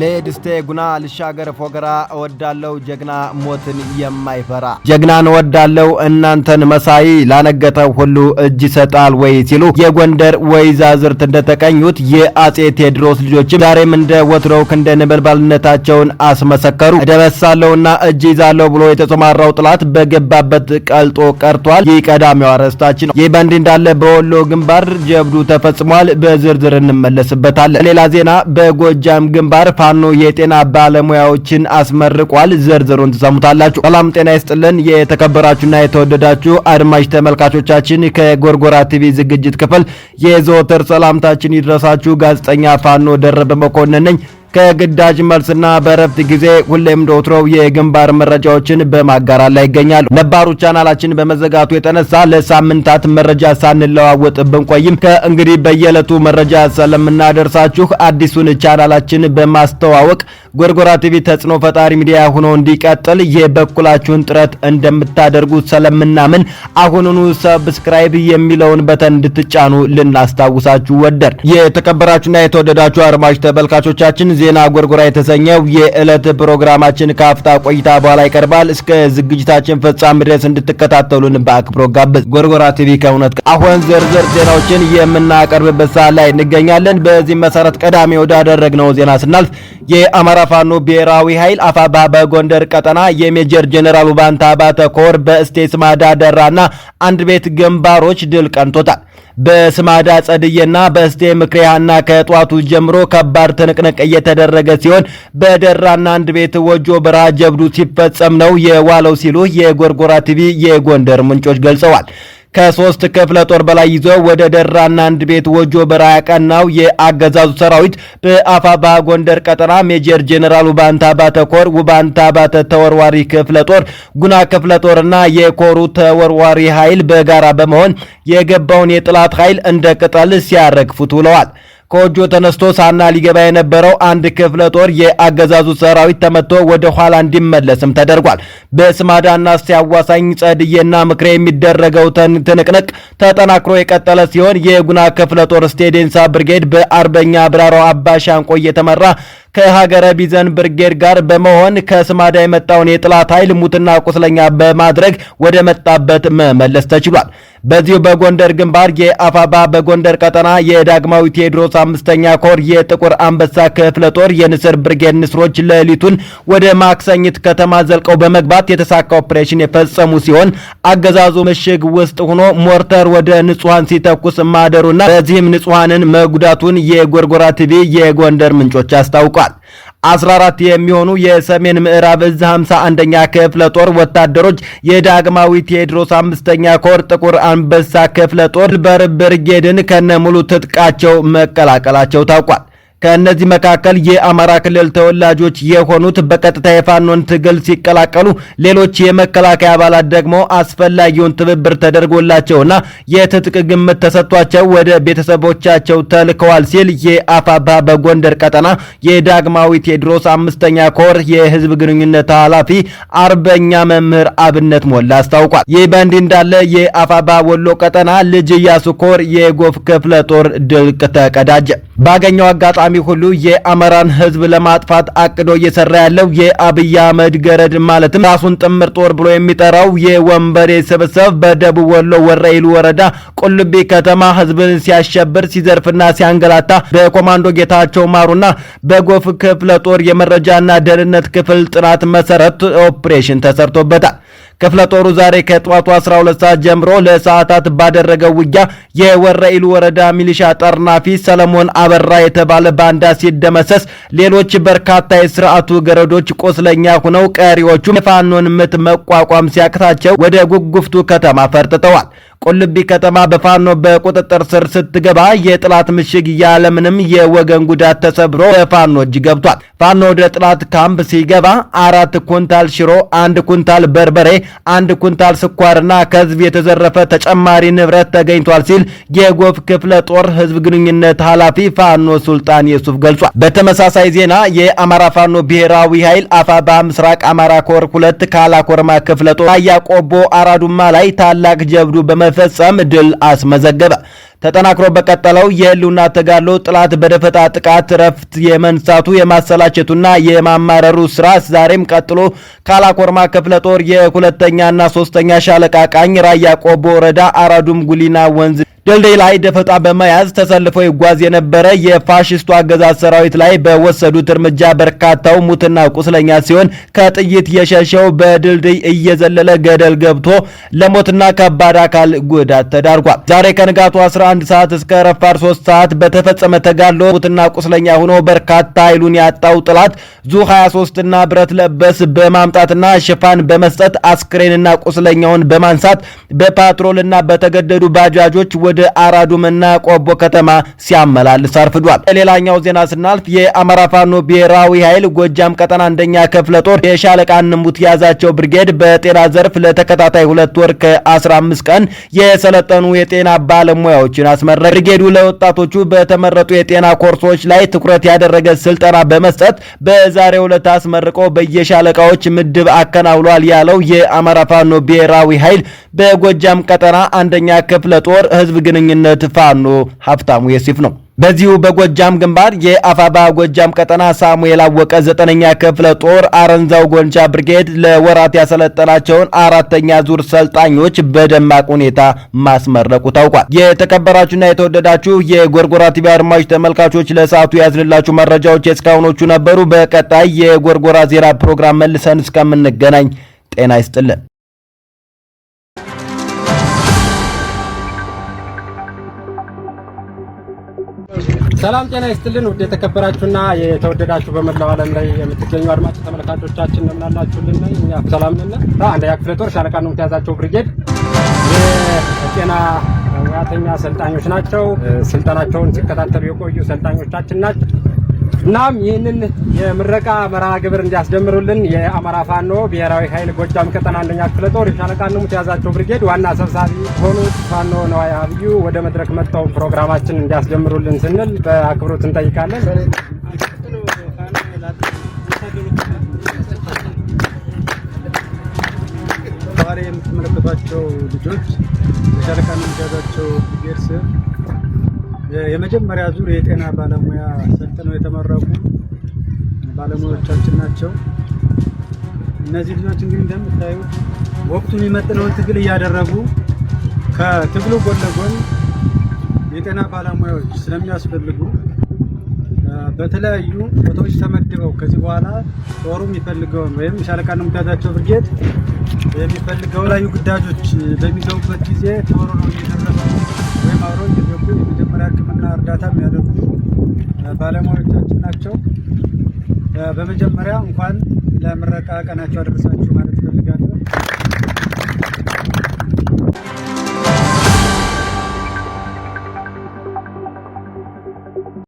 ለድስቴ ጉና ልሻገር ፎገራ እወዳለው ጀግና ሞትን የማይፈራ ጀግናን እወዳለው እናንተን መሳይ ላነገተው ሁሉ እጅ ይሰጣል ወይ ሲሉ የጎንደር ወይዛዝርት እንደተቀኙት የአጼ ቴዎድሮስ ልጆችም ዛሬም እንደ ወትሮው ክንደ ነበልባልነታቸውን አስመሰከሩ። እደበሳለሁና እጅ ይዛለሁ ብሎ የተሰማራው ጥላት በገባበት ቀልጦ ቀርቷል። ይህ ቀዳሚው አርዕስታችን ነው። ይህ በእንዲህ እንዳለ በወሎ ግንባር ጀብዱ ተፈጽሟል። በዝርዝር እንመለስበታለን። ሌላ ዜና በጎጃም ግንባር ፋኖ የጤና ባለሙያዎችን አስመርቋል። ዝርዝሩን ትሰሙታላችሁ። ሰላም ጤና ይስጥልን። የተከበራችሁና የተወደዳችሁ አድማጭ ተመልካቾቻችን ከጎርጎራ ቲቪ ዝግጅት ክፍል የዘወትር ሰላምታችን ይድረሳችሁ። ጋዜጠኛ ፋኖ ደረበ መኮንን ነኝ። ከግዳጅ መልስና በረፍት ጊዜ ሁሌም ዶትሮው የግንባር መረጃዎችን በማጋራት ላይ ይገኛሉ። ነባሩ ቻናላችን በመዘጋቱ የተነሳ ለሳምንታት መረጃ ሳንለዋወጥ ብንቆይም ከእንግዲህ በየዕለቱ መረጃ ስለምናደርሳችሁ አዲሱን ቻናላችን በማስተዋወቅ ጎርጎራ ቲቪ ተጽዕኖ ፈጣሪ ሚዲያ ሆኖ እንዲቀጥል የበኩላችሁን ጥረት እንደምታደርጉ ስለምናምን አሁኑኑ ሰብስክራይብ የሚለውን በተን እንድትጫኑ ልናስታውሳችሁ ወደር የተከበራችሁና የተወደዳችሁ አድማጭ ተመልካቾቻችን ዜና ጎርጎራ የተሰኘው የዕለት ፕሮግራማችን ከአፍታ ቆይታ በኋላ ይቀርባል። እስከ ዝግጅታችን ፍጻሜ ድረስ እንድትከታተሉን በአክብሮ ጋበዝ። ጎርጎራ ቲቪ ከእውነት አሁን ዝርዝር ዜናዎችን የምናቀርብበት ሰዓት ላይ እንገኛለን። በዚህ መሰረት ቀዳሚ ወዳደረግነው ዜና ስናልፍ የአማራ ፋኖ ብሔራዊ ኃይል አፋባ በጎንደር ቀጠና የሜጀር ጀኔራል ባንታ ባተ ኮር በእስቴ ስማዳ ደራና አንድ ቤት ግንባሮች ድል ቀንቶታል። በስማዳ ጸድዬና በእስቴ ምክርያና ከጧቱ ጀምሮ ከባድ ትንቅንቅ እየተ የተደረገ ሲሆን በደራና አንድ ቤት ወጆ በራ ጀብዱ ሲፈጸም ነው የዋለው ሲሉ የጎርጎራ ቲቪ የጎንደር ምንጮች ገልጸዋል። ከሶስት ክፍለ ጦር በላይ ይዞ ወደ ደራና አንድ ቤት ወጆ በራ ያቀናው የአገዛዙ ሰራዊት በአፋባ ጎንደር ቀጠና ሜጀር ጄኔራል ውባንታ ባተኮር ውባንታ ባተ ተወርዋሪ ክፍለ ጦር፣ ጉና ክፍለ ጦርና የኮሩ ተወርዋሪ ኃይል በጋራ በመሆን የገባውን የጥላት ኃይል እንደ ቅጠል ሲያረግፉት ውለዋል። ከወጆ ተነስቶ ሳና ሊገባ የነበረው አንድ ክፍለ ጦር የአገዛዙ ሰራዊት ተመቶ ወደ ኋላ እንዲመለስም ተደርጓል። በስማዳና እስቴ አዋሳኝ ጸድዬና ምክሬ የሚደረገው ትንቅንቅ ተጠናክሮ የቀጠለ ሲሆን የጉና ክፍለ ጦር ስቴዴንሳ ብርጌድ በአርበኛ ብራራው አባ ሻንቆ እየተመራ ከሀገረ ቢዘን ብርጌድ ጋር በመሆን ከስማዳ የመጣውን የጥላት ኃይል ሙትና ቁስለኛ በማድረግ ወደ መጣበት መመለስ ተችሏል። በዚሁ በጎንደር ግንባር የአፋባ በጎንደር ቀጠና የዳግማዊ ቴዎድሮስ አምስተኛ ኮር የጥቁር አንበሳ ክፍለ ጦር የንስር ብርጌድ ንስሮች ሌሊቱን ወደ ማክሰኝት ከተማ ዘልቀው በመግባት የተሳካ ኦፕሬሽን የፈጸሙ ሲሆን አገዛዙ ምሽግ ውስጥ ሆኖ ሞርተር ወደ ንጹሐን ሲተኩስ ማደሩና በዚህም ንጹሐንን መጉዳቱን የጎርጎራ ቲቪ የጎንደር ምንጮች አስታውቋል። ተናግሯል። 14 የሚሆኑ የሰሜን ምዕራብ እዝ 51ኛ ክፍለ ጦር ወታደሮች የዳግማዊ ቴዎድሮስ አምስተኛ ኮር ጥቁር አንበሳ ክፍለ ጦር በር ብርጌድን ከነሙሉ ትጥቃቸው መቀላቀላቸው ታውቋል። ከእነዚህ መካከል የአማራ ክልል ተወላጆች የሆኑት በቀጥታ የፋኖን ትግል ሲቀላቀሉ፣ ሌሎች የመከላከያ አባላት ደግሞ አስፈላጊውን ትብብር ተደርጎላቸውና የትጥቅ ግምት ተሰጥቷቸው ወደ ቤተሰቦቻቸው ተልከዋል ሲል የአፋባ በጎንደር ቀጠና የዳግማዊ ቴዎድሮስ አምስተኛ ኮር የህዝብ ግንኙነት ኃላፊ አርበኛ መምህር አብነት ሞላ አስታውቋል። ይህ በእንዲህ እንዳለ የአፋባ ወሎ ቀጠና ልጅ ኢያሱ ኮር የጎፍ ክፍለ ጦር ድልቅ ተቀዳጀ። ባገኘው አጋጣሚ ሁሉ የአማራን ሕዝብ ለማጥፋት አቅዶ እየሰራ ያለው የአብይ አህመድ ገረድ ማለትም ራሱን ጥምር ጦር ብሎ የሚጠራው የወንበዴ ስብስብ በደቡብ ወሎ ወረኢሉ ወረዳ ቁልቢ ከተማ ሕዝብን ሲያሸብር ሲዘርፍና ሲያንገላታ በኮማንዶ ጌታቸው ማሩና በጎፍ ክፍለ ጦር የመረጃና ደህንነት ክፍል ጥናት መሰረት ኦፕሬሽን ተሰርቶበታል። ክፍለ ጦሩ ዛሬ ከጠዋቱ 12 ሰዓት ጀምሮ ለሰዓታት ባደረገው ውጊያ የወረኢሉ ወረዳ ሚሊሻ ጠርናፊ ሰለሞን አበራ የተባለ ባንዳ ሲደመሰስ ሌሎች በርካታ የስርዓቱ ገረዶች ቆስለኛ ሆነው ቀሪዎቹም የፋኖን ምት መቋቋም ሲያቅታቸው ወደ ጉጉፍቱ ከተማ ፈርጥጠዋል። ቁልቢ ከተማ በፋኖ በቁጥጥር ስር ስትገባ የጥላት ምሽግ ያለምንም የወገን ጉዳት ተሰብሮ በፋኖ እጅ ገብቷል። ፋኖ ወደ ጥላት ካምፕ ሲገባ አራት ኩንታል ሽሮ፣ አንድ ኩንታል በርበሬ፣ አንድ ኩንታል ስኳርና ከህዝብ የተዘረፈ ተጨማሪ ንብረት ተገኝቷል ሲል የጎፍ ክፍለ ጦር ህዝብ ግንኙነት ኃላፊ ፋኖ ሱልጣን የሱፍ ገልጿል። በተመሳሳይ ዜና የአማራ ፋኖ ብሔራዊ ኃይል አፋባ ምስራቅ አማራ ኮር ሁለት ካላኮርማ ክፍለ ጦር ያቆቦ አራዱማ ላይ ታላቅ ጀብዱ በመ በመፈጸም ድል አስመዘገበ። ተጠናክሮ በቀጠለው የህልውና ተጋድሎ ጥላት በደፈጣ ጥቃት ረፍት የመንሳቱ የማሰላቸቱና የማማረሩ ስራ ዛሬም ቀጥሎ ካላኮርማ ክፍለ ጦር የሁለተኛና ሶስተኛ ሻለቃ ቃኝ ራያ ቆቦ ወረዳ አራዱም ጉሊና ወንዝ ድልድይ ላይ ደፈጣ በመያዝ ተሰልፎ ይጓዝ የነበረ የፋሽስቱ አገዛዝ ሰራዊት ላይ በወሰዱት እርምጃ በርካታው ሙትና ቁስለኛ ሲሆን ከጥይት የሸሸው በድልድይ እየዘለለ ገደል ገብቶ ለሞትና ከባድ አካል ጉዳት ተዳርጓል። ዛሬ ከንጋቱ 11 ሰዓት እስከ ረፋር 3 ሰዓት በተፈጸመ ተጋድሎ ሙትና ቁስለኛ ሆኖ በርካታ ኃይሉን ያጣው ጥላት፣ ዙ 23 ና ብረት ለበስ በማምጣትና ሽፋን በመስጠት አስክሬንና ቁስለኛውን በማንሳት በፓትሮልና በተገደዱ ባጃጆች ወደ አራዱምና ቆቦ ከተማ ሲያመላልስ አርፍዷል። ሌላኛው ዜና ስናልፍ የአማራ ፋኖ ብሔራዊ ኃይል ጎጃም ቀጠና አንደኛ ክፍለ ጦር የሻለቃ ንሙት የያዛቸው ብርጌድ በጤና ዘርፍ ለተከታታይ ሁለት ወር ከ15 ቀን የሰለጠኑ የጤና ባለሙያዎችን አስመረቀ። ብርጌዱ ለወጣቶቹ በተመረጡ የጤና ኮርሶች ላይ ትኩረት ያደረገ ስልጠና በመስጠት በዛሬው ዕለት አስመርቆ በየሻለቃዎች ምድብ አከናውሏል ያለው የአማራ ፋኖ ብሔራዊ ኃይል በጎጃም ቀጠና አንደኛ ክፍለ ጦር ህዝብ ግንኙነት ፋኖ ሀብታሙ የሲፍ ነው። በዚሁ በጎጃም ግንባር የአፋባ ጎጃም ቀጠና ሳሙኤል አወቀ ዘጠነኛ ክፍለ ጦር አረንዛው ጎንቻ ብርጌድ ለወራት ያሰለጠናቸውን አራተኛ ዙር ሰልጣኞች በደማቅ ሁኔታ ማስመረቁ ታውቋል። የተከበራችሁና የተወደዳችሁ የጎርጎራ ቲቪ አድማጭ ተመልካቾች ለሰዓቱ ያዝንላችሁ መረጃዎች የእስካሁኖቹ ነበሩ። በቀጣይ የጎርጎራ ዜና ፕሮግራም መልሰን እስከምንገናኝ ጤና ይስጥልን። ሰላም ጤና ይስጥልን። ውድ የተከበራችሁና የተወደዳችሁ በመላው ዓለም ላይ የምትገኙ አድማጭ ተመልካቾቻችን እንደምን አላችሁልን? እኛ ሰላም ነን። አንደኛ ክፍለ ጦር ሻለቃ ነው የምትያዛቸው ብርጌድ የጤና ሙያተኛ ሰልጣኞች ናቸው። ስልጠናቸውን ሲከታተሉ የቆዩ ሰልጣኞቻችን ናቸው። እናም ይህንን የምረቃ መርሃ ግብር እንዲያስጀምሩልን የአማራ ፋኖ ብሔራዊ ኃይል ጎጃም ቀጠና አንደኛ ክፍለ ጦር የሻለቃ ንሙት የያዛቸው ብርጌድ ዋና ሰብሳቢ ሆኑት ፋኖ ነዋይ አብዩ ወደ መድረክ መጥተው ፕሮግራማችን እንዲያስጀምሩልን ስንል በአክብሮት እንጠይቃለን። ዛሬ የምትመለከቷቸው ልጆች የሻለቃ ንሙት የያዛቸው ብርጌድ ስር የመጀመሪያ ዙር የጤና ባለሙያ ሰልጥነው የተመረቁ ባለሙያዎቻችን ናቸው። እነዚህ ልጆች እንግዲህ እንደምታዩት ወቅቱ የሚመጥነውን ትግል እያደረጉ ከትግሉ ጎን ለጎን የጤና ባለሙያዎች ስለሚያስፈልጉ በተለያዩ ቦታዎች ተመድበው ከዚህ በኋላ ጦሩ የሚፈልገውን ወይም ሻለቃ ነው የሚታዛቸው ብርጌድ የሚፈልገው ላዩ ግዳጆች በሚገቡበት ጊዜ ተወሮ ነው እየተረፈ ወይም አብረው እየገቡ የመጀመሪያ ሕክምና እርዳታ የሚያደርጉ ባለሙያዎቻችን ናቸው። በመጀመሪያ እንኳን ለምረቃ ቀናቸው አደረሳችሁ ማለት ነው።